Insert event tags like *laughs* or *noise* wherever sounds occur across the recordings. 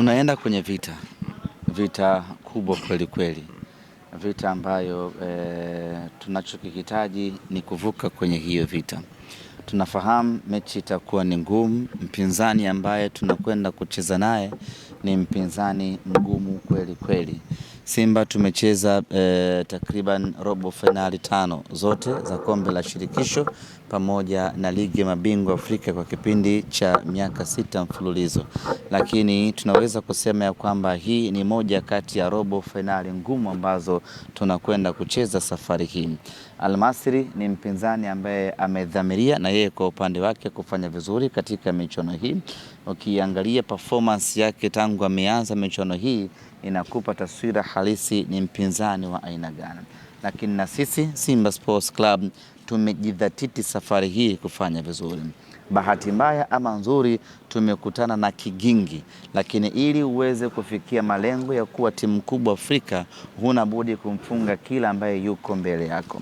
Tunaenda kwenye vita, vita kubwa kweli kweli, vita ambayo e, tunachokihitaji ni kuvuka kwenye hiyo vita. Tunafahamu mechi itakuwa ni ngumu. Mpinzani ambaye tunakwenda kucheza naye ni mpinzani mgumu kweli kweli. Simba tumecheza e, takriban robo fainali tano zote za kombe la shirikisho pamoja na ligi ya mabingwa Afrika kwa kipindi cha miaka sita mfululizo, lakini tunaweza kusema ya kwamba hii ni moja kati ya robo fainali ngumu ambazo tunakwenda kucheza safari hii. Almasri ni mpinzani ambaye amedhamiria na yeye kwa upande wake kufanya vizuri katika michuano hii. Ukiangalia performance yake tangu ameanza michuano hii inakupa taswira halisi ni mpinzani wa aina gani, lakini na sisi Simba Sports Club tumejidhatiti safari hii kufanya vizuri. Bahati mbaya ama nzuri, tumekutana na kigingi, lakini ili uweze kufikia malengo ya kuwa timu kubwa Afrika, huna budi kumfunga kila ambaye yuko mbele yako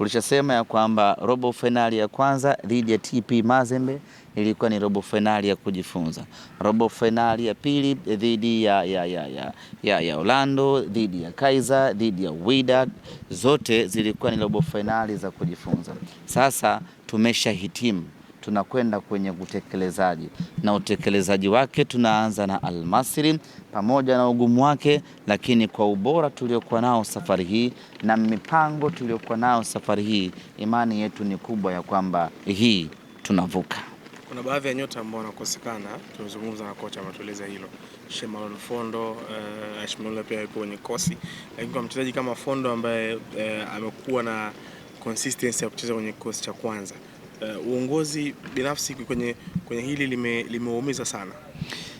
tulishasema ya kwamba robo fainali ya kwanza dhidi ya TP Mazembe ilikuwa ni robo fainali ya kujifunza. Robo fainali ya pili dhidi ya, ya, ya, ya, ya, ya Orlando dhidi ya Kaizer dhidi ya Wydad zote zilikuwa ni robo fainali za kujifunza. Sasa tumeshahitimu tunakwenda kwenye utekelezaji, na utekelezaji wake tunaanza na Almasri pamoja na ugumu wake, lakini kwa ubora tuliokuwa nao safari hii na mipango tuliokuwa nao safari hii, imani yetu ni kubwa ya kwamba hii tunavuka. Kuna baadhi ya nyota ambao wanakosekana, tumezungumza na kocha ametueleza hilo. Shemalon Fondo uh, eh, Shemalon pia yupo kwenye kosi, lakini kwa mchezaji kama Fondo ambaye uh, amekuwa na consistency ya kucheza kwenye kikosi cha kwanza uh, uongozi binafsi kwenye, kwenye hili limeumiza lime sana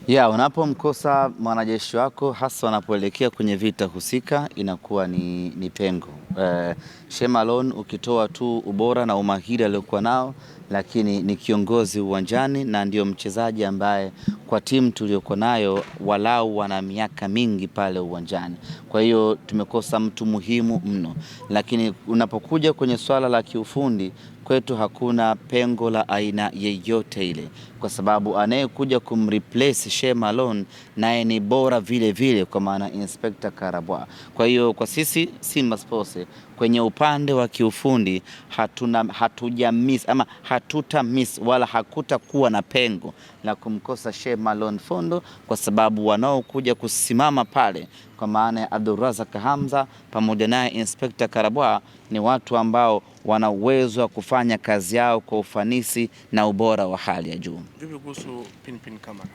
ya unapomkosa mwanajeshi wako hasa wanapoelekea kwenye vita husika inakuwa ni, ni pengo uh, eh, Shemalon ukitoa tu ubora na umahiri aliokuwa nao, lakini ni kiongozi uwanjani na ndio mchezaji ambaye kwa timu tuliyokuwa nayo walau wana miaka mingi pale uwanjani. Kwa hiyo tumekosa mtu muhimu mno, lakini unapokuja kwenye swala la kiufundi kwetu hakuna pengo la aina yeyote ile, kwa sababu anayekuja kumreplace Sheikh Malone naye ni bora vile vile, kwa maana Inspector Karabwa. Kwa hiyo kwa sisi Simba Sports kwenye upande wa kiufundi hatuna, hatuja miss ama hatuta miss wala hakutakuwa na pengo la kumkosa Sheikh Malon Fondo, kwa sababu wanaokuja kusimama pale kwa maana ya Abdulrazak Hamza pamoja naye Inspekta Karabwa ni watu ambao wana uwezo wa kufanya kazi yao kwa ufanisi na ubora wa hali ya juu. Vipi kuhusu Pinpin Kamara?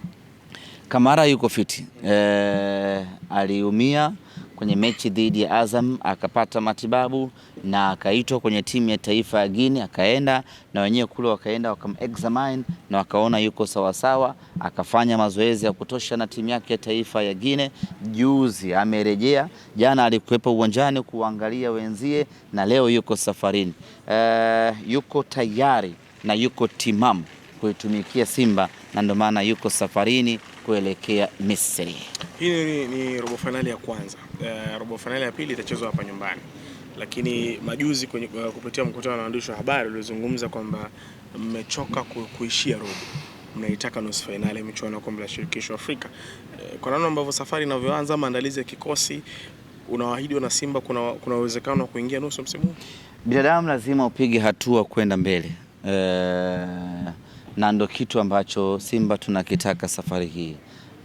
Kamara yuko fiti, e, aliumia kwenye mechi dhidi ya Azam akapata matibabu na akaitwa kwenye timu ya taifa ya Guinea, akaenda na wenyewe kule, wakaenda wakamexamine na wakaona yuko sawasawa, akafanya mazoezi ya kutosha na timu yake ya taifa ya Guinea. Juzi amerejea, jana alikuwepo uwanjani kuangalia wenzie, na leo yuko safarini. Uh, yuko tayari na yuko timamu kuitumikia Simba, na ndio maana yuko safarini kuelekea Misri. Hii ni ni robo fainali ya kwanza. Uh, robo fainali ya pili itachezwa hapa nyumbani, lakini majuzi kwenye, uh, kupitia mkutano na waandishi wa habari uliozungumza kwamba mmechoka ku, kuishia robo, mnaitaka nusu fainali ya michuano ya kombe la shirikisho Afrika. Uh, kwa namna ambavyo safari inavyoanza, maandalizi ya kikosi, unawaahidi na Simba kuna kuna uwezekano wa kuingia nusu msimu huu? Binadamu lazima upige hatua kwenda mbele uh, na ndo kitu ambacho Simba tunakitaka safari hii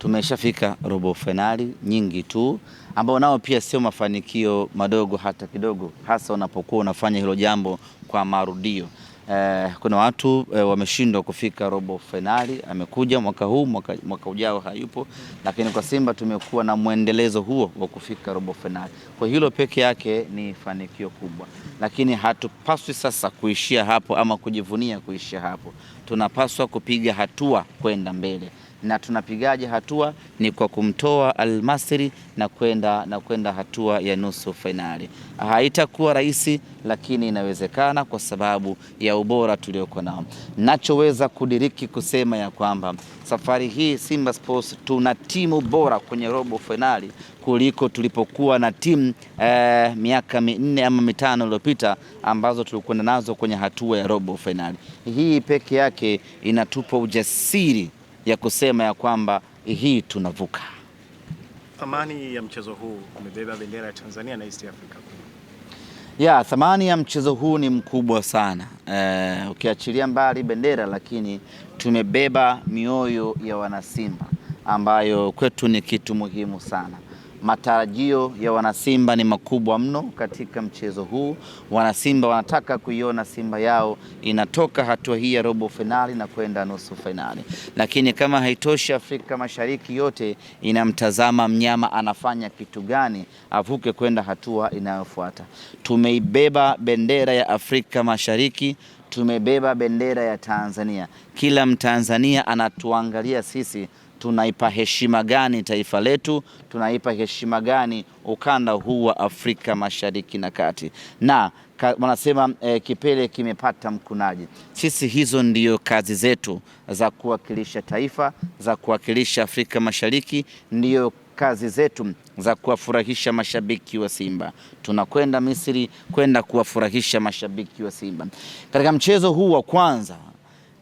tumeshafika robo fainali nyingi tu, ambao nao pia sio mafanikio madogo hata kidogo, hasa unapokuwa unafanya hilo jambo kwa marudio. Eh, kuna watu eh, wameshindwa kufika robo fainali, amekuja mwaka huu mwaka, mwaka ujao hayupo, lakini kwa Simba tumekuwa na mwendelezo huo wa kufika robo fainali. Kwa hilo peke yake ni fanikio kubwa, lakini hatupaswi sasa kuishia hapo ama kujivunia kuishia hapo, tunapaswa kupiga hatua kwenda mbele na tunapigaje hatua? Ni kwa kumtoa Almasri na kwenda na kwenda hatua ya nusu fainali. Haitakuwa rahisi, lakini inawezekana kwa sababu ya ubora tuliokuwa nao. Nachoweza kudiriki kusema ya kwamba safari hii Simba Sports tuna timu bora kwenye robo fainali kuliko tulipokuwa na timu eh, miaka minne ama mitano iliyopita ambazo tulikwenda nazo kwenye hatua ya robo fainali. Hii peke yake inatupa ujasiri ya kusema ya kwamba hii tunavuka. Thamani ya mchezo huu umebeba bendera ya Tanzania na East Africa. Ya, thamani ya mchezo huu ni mkubwa sana ee, ukiachilia mbali bendera, lakini tumebeba mioyo ya wanasimba ambayo kwetu ni kitu muhimu sana. Matarajio ya wanasimba ni makubwa mno katika mchezo huu. Wanasimba wanataka kuiona Simba yao inatoka hatua hii ya robo fainali na kwenda nusu fainali, lakini kama haitoshi, Afrika Mashariki yote inamtazama mnyama anafanya kitu gani avuke kwenda hatua inayofuata. Tumeibeba bendera ya Afrika Mashariki, tumebeba bendera ya Tanzania. Kila Mtanzania anatuangalia sisi tunaipa heshima gani taifa letu, tunaipa heshima gani ukanda huu wa Afrika Mashariki na Kati, na wanasema e, kipele kimepata mkunaji. Sisi hizo ndiyo kazi zetu za kuwakilisha taifa, za kuwakilisha Afrika Mashariki, ndiyo kazi zetu za kuwafurahisha mashabiki wa Simba. Tunakwenda Misri kwenda kuwafurahisha mashabiki wa Simba. Katika mchezo huu wa kwanza,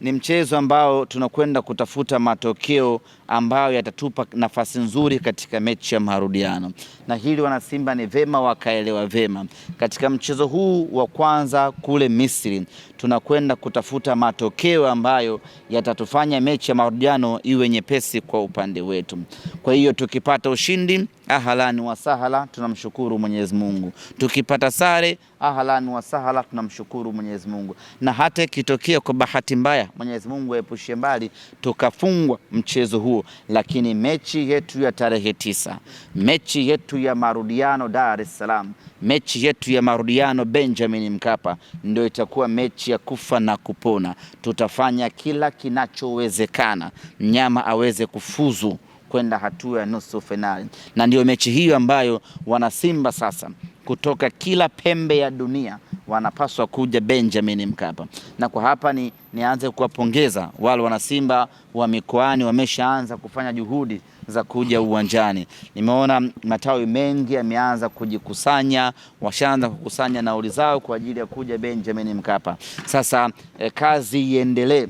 ni mchezo ambao tunakwenda kutafuta matokeo ambayo yatatupa nafasi nzuri katika mechi ya marudiano, na hili wanasimba ni vema wakaelewa vema. Katika mchezo huu wa kwanza kule Misri, tunakwenda kutafuta matokeo ambayo yatatufanya mechi ya marudiano iwe nyepesi kwa upande wetu. Kwa hiyo tukipata ushindi ahalani wa sahala, tunamshukuru Mwenyezi Mungu. Tukipata sare ahalani wa sahala, tunamshukuru Mwenyezi Mungu, na hata ikitokea kwa bahati mbaya, Mwenyezi Mungu aepushie mbali tukafungwa mchezo huu huu, lakini mechi yetu ya tarehe tisa, mechi yetu ya marudiano Dar es Salaam, mechi yetu ya marudiano Benjamin Mkapa ndio itakuwa mechi ya kufa na kupona. Tutafanya kila kinachowezekana mnyama aweze kufuzu kwenda hatua ya nusu fainali, na ndio mechi hiyo ambayo wanasimba sasa kutoka kila pembe ya dunia wanapaswa kuja Benjamin Mkapa. Na kwa hapa ni nianze kuwapongeza wale wanasimba wa mikoani, wameshaanza kufanya juhudi za kuja uwanjani. Nimeona matawi mengi yameanza kujikusanya, washaanza kukusanya nauli zao kwa ajili ya kuja Benjamin Mkapa. Sasa eh, kazi iendelee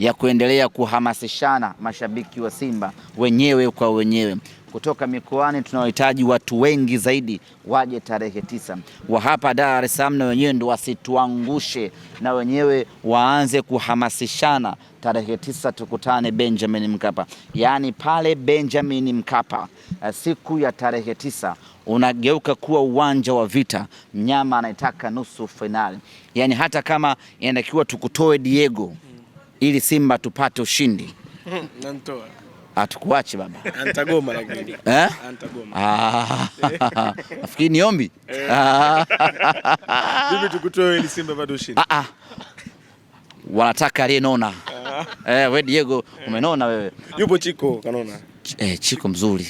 ya kuendelea kuhamasishana mashabiki wa Simba wenyewe kwa wenyewe kutoka mikoani. Tunawahitaji watu wengi zaidi waje tarehe tisa wa hapa Dar es Salaam, na wenyewe ndo wasituangushe, na wenyewe waanze kuhamasishana. Tarehe tisa tukutane Benjamin Mkapa, yaani pale Benjamin Mkapa eh, siku ya tarehe tisa unageuka kuwa uwanja wa vita. Mnyama anaitaka nusu fainali, yaani hata kama inatakiwa tukutoe Diego ili Simba tupate ushindi. *laughs* Atukuache baba, antagoma lakini *laughs* eh, antagoma. Ah. *laughs* Nafikiri ni ombi bibi, eh. tukutoe ili Simba bado ushindi. Ah ah, wanataka aliyenona. Ah. Eh, wewe Diego umenona wewe. Yupo Chiko kanona. Eh, Chiko mzuri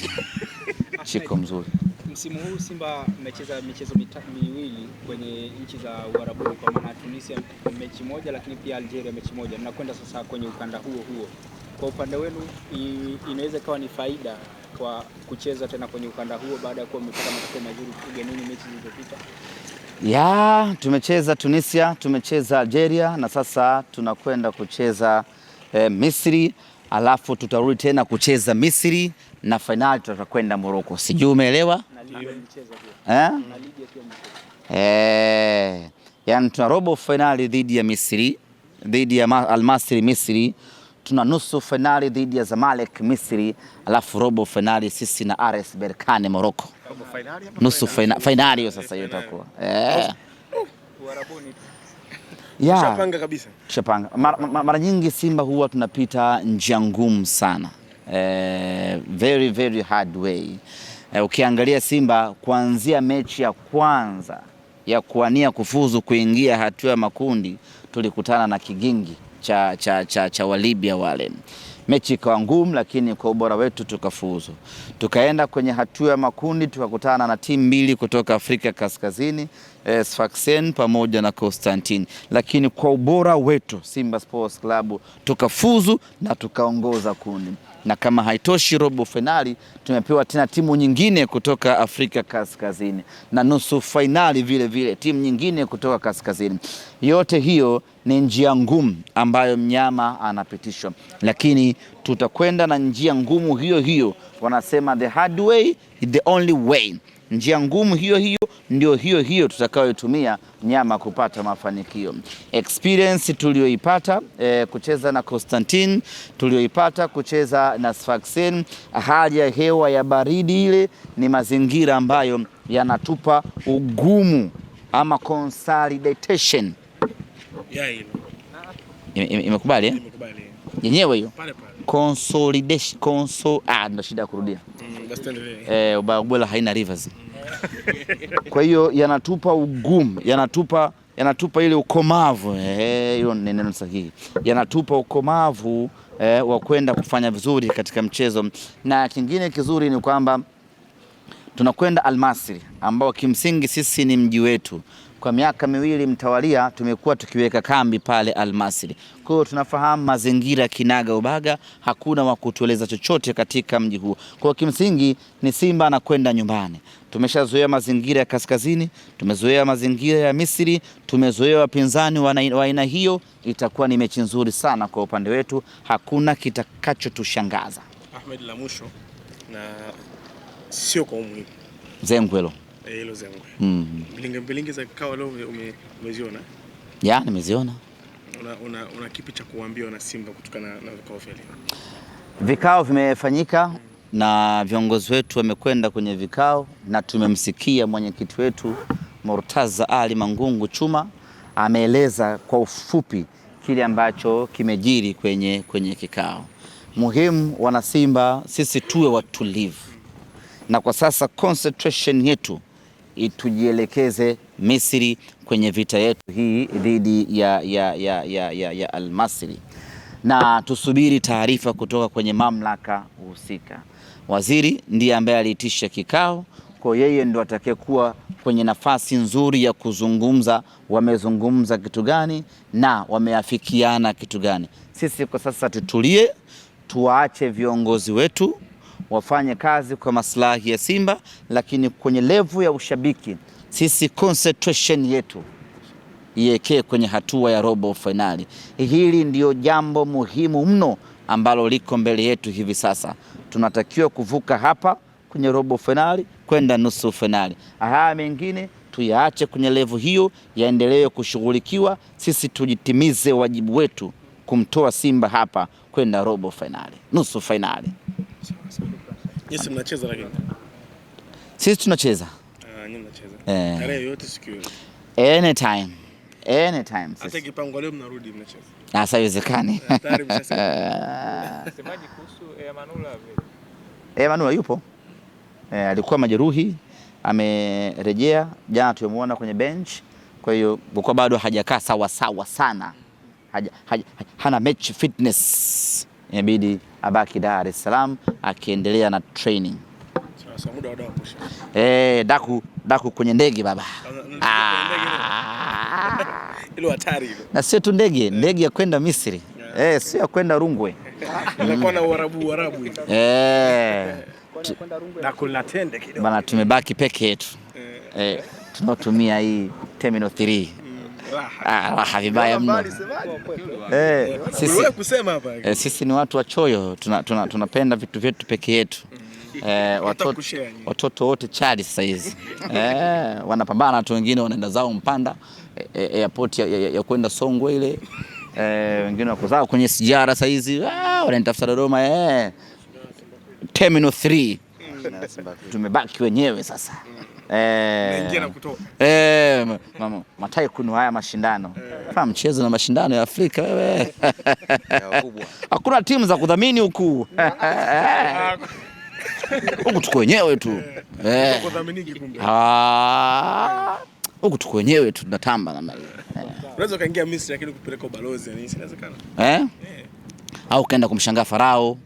Chiko mzuri. Msimu huu Simba mmecheza michezo miwili kwenye nchi za Uarabuni, kwa maana Tunisia mechi moja, lakini pia Algeria mechi moja. Mnakwenda sasa kwenye ukanda huo huo, kwa upande wenu inaweza ikawa ni faida kwa kucheza tena kwenye ukanda huo baada ya kuwa mmepata matokeo mazuri ugenini mechi zilizopita? Ya, tumecheza Tunisia, tumecheza Algeria na sasa tunakwenda kucheza eh, Misri alafu tutarudi tena kucheza Misri na fainali tutakwenda Morocco. Sijui umeelewa? Eh, eh. yani tuna robo fainali dhidi ya Misri, dhidi ya Almasri Misri, tuna nusu fainali dhidi ya Zamalek Misri, alafu robo fainali sisi na RS Berkane Morocco. Nusu fainali hiyo sasa hiyo itakuwa eh. Tushapanga mara nyingi Simba huwa tunapita njia ngumu sana eh, very very hard way E, ukiangalia Simba kuanzia mechi ya kwanza ya kuwania kufuzu kuingia hatua ya makundi tulikutana na kigingi cha, cha, cha, cha Walibya wale. Mechi ikawa ngumu, lakini kwa ubora wetu tukafuzu. Tukaenda kwenye hatua ya makundi tukakutana na timu mbili kutoka Afrika Kaskazini, eh, Sfaxien pamoja na Constantine, lakini kwa ubora wetu Simba Sports Club tukafuzu na tukaongoza kundi na kama haitoshi, robo fainali tumepewa tena timu nyingine kutoka Afrika Kaskazini na nusu fainali vile vile timu nyingine kutoka kaskazini. Yote hiyo ni njia ngumu ambayo mnyama anapitishwa, lakini tutakwenda na njia ngumu hiyo hiyo, wanasema the hard way, the only way, njia ngumu hiyo hiyo ndio hiyo hiyo tutakayotumia nyama kupata mafanikio. Experience tuliyoipata e, eh, kucheza na Constantine, tuliyoipata kucheza na Sfaxien, hali ya hewa ya baridi ile ni mazingira ambayo yanatupa ugumu ama consolidation imekubali yeah, yenyewe hiyo consolidation console, ah ndo shida ya kurudia mm, eh, ubaya bora haina rivers mm. Kwa hiyo yanatupa ugumu, yanatupa yanatupa ile ukomavu eh, hiyo eh, ni neno sahihi, yanatupa ukomavu eh, wa kwenda kufanya vizuri katika mchezo. Na kingine kizuri ni kwamba tunakwenda Almasri ambao kimsingi sisi ni mji wetu kwa miaka miwili mtawalia tumekuwa tukiweka kambi pale Almasri. Kwa hiyo tunafahamu mazingira kinaga ubaga, hakuna wa kutueleza chochote katika mji huo. Kwa hiyo kimsingi ni Simba anakwenda nyumbani. Tumeshazoea mazingira ya kaskazini, tumezoea mazingira ya Misri, tumezoea wapinzani wa aina hiyo. Itakuwa ni mechi nzuri sana kwa upande wetu, hakuna kitakachotushangaza. Ahmed, la mwisho na sio kwa umuhimu, zengwelo Eh, hilo zengwe. Mm. za kikao leo umeziona? Ya, nimeziona. Una, una, una kipi cha kuambia wana Simba kutokana na vikao vya leo? Vikao vimefanyika mm, na viongozi wetu wamekwenda kwenye vikao na tumemsikia mwenyekiti wetu Murtaza Ali Mangungu Chuma ameeleza kwa ufupi kile ambacho kimejiri kwenye, kwenye kikao. Muhimu wanasimba, sisi tuwe watulivu, na kwa sasa concentration yetu tujielekeze Misri kwenye vita yetu hii dhidi ya, ya, ya, ya, ya, ya Almasri na tusubiri taarifa kutoka kwenye mamlaka husika. Waziri ndiye ambaye aliitisha kikao, kwa yeye ndo atakayekuwa kwenye nafasi nzuri ya kuzungumza wamezungumza kitu gani na wameafikiana kitu gani. Sisi kwa sasa tutulie, tuwaache viongozi wetu wafanye kazi kwa maslahi ya Simba, lakini kwenye levu ya ushabiki, sisi concentration yetu iwekee kwenye hatua ya robo fainali. Hili ndiyo jambo muhimu mno ambalo liko mbele yetu hivi sasa. Tunatakiwa kuvuka hapa kwenye robo fainali kwenda nusu fainali. Haya mengine tuyaache kwenye levu hiyo, yaendelee kushughulikiwa. Sisi tujitimize wajibu wetu kumtoa Simba hapa kwenda robo fainali, nusu fainali. Yes, mnacheza lakini. Sisi tunacheza. Ah, nyinyi mnacheza. Eh. Tarehe yote siku yote. Anytime. Anytime. Hata kipango leo mnarudi mnacheza. Ah, sasa haiwezekani. Eh, tayari mshasema. *laughs* Semaji kuhusu Emanula vile. Emanula yupo. Eh, alikuwa majeruhi, amerejea jana tumemwona kwenye bench. Kwa hiyo kwa bado hajakaa sawa sawa sana. Haja, haja, hana match fitness. Inabidi abaki Dar es Salaam akiendelea na training. Sasa muda wa dawa Eh, daku daku kwenye ndege baba. Ilo ah. hatari hilo. Na sio tu ndege, ndege ya kwenda Misri. Eh, sio ya kwenda Rungwe. Inakuwa *laughs* na Uarabu Uarabu hivi. Eh. Daku tende kidogo. Bana tumebaki peke yetu. Eh, eh tunaotumia hii Terminal 3. Ah, raha vibaya mno. Eh, sisi kusema hapa. Eh, sisi ni watu wachoyo, tunapenda tuna, tuna vitu vyetu peke yetu. Mm. Eh, watoto, watoto wote chali sasa hizi *laughs* eh, wanapambana. Watu wengine wanaenda zao Mpanda airport eh, eh, ya, ya, ya kwenda Songwe ile eh, wengine wako zao kwenye sijara sasa hizi ah, wanatafuta Dodoma eh, Terminal 3 mm. tumebaki wenyewe sasa. Mm. Eh, eh mama, matai kunu haya mashindano kama eh. mchezo na mashindano ya Afrika wewe. Hakuna timu za kudhamini huku *laughs* huku tuko wenyewe tu eh. huku tuko wenyewe tu tunatamba namna hiyo. Eh? Au kaenda kumshangaa Farao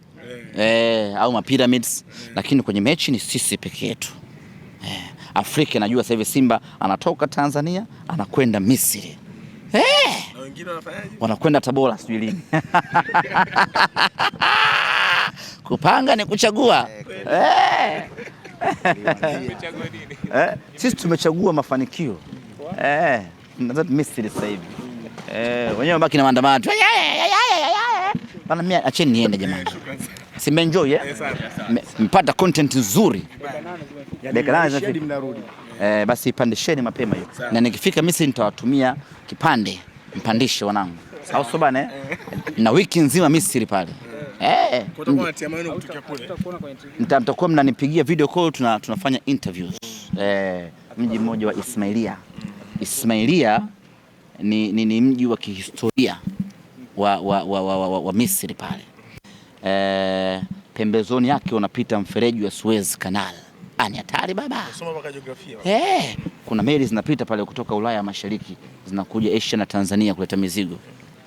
eh, au mapyramids lakini kwenye mechi ni sisi peke yetu. Afrika najua sasa hivi Simba anatoka Tanzania anakwenda Misri. Hey! Eh! Na wengine wanafanyaje? Wanakwenda Tabora sijui lini. *laughs* Kupanga ni kuchagua. Hey! Eh! *laughs* eh, sisi tumechagua mafanikio eh, Misri sasa hivi eh, wenyewe wabaki na maandamano. Eh, acheni niende jamani si mmeenjoy eh? Mpata content nzuri yaani eh, basi pandisheni mapema hiyo, na nikifika mimi nitawatumia kipande mpandishe wanangu, au sio bana? Eh? Eh. Na wiki nzima Misri pale eh, eh. mtakuwa mnanipigia video call, tuna, tunafanya interviews eh, mji mmoja wa Ismailia. Ismailia ni, ni, ni mji wa kihistoria wa, wa, wa, wa, wa, wa Misri pale eh, pembezoni yake unapita mfereji wa Suez Canal. Ani hatari baba. Eh, kuna meli zinapita pale kutoka Ulaya ya Mashariki zinakuja Asia na Tanzania kuleta mizigo.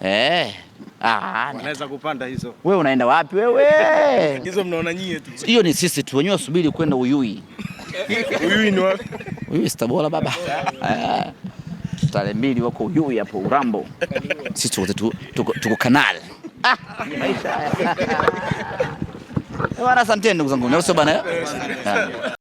Eh. Ah, ah wanaweza kupanda hizo. Wewe unaenda wapi wewe? *laughs* Hizo mnaona nyie tu. Hiyo ni sisi tu wenyewe subiri kwenda Uyui. *laughs* Uyui ni wapi? Uyui Tabora baba. Eh, tarehe mbili wako Uyui hapo Urambo. Sisi tuko tuko kanali. Asanteni ndugu zangu, bana. Eh?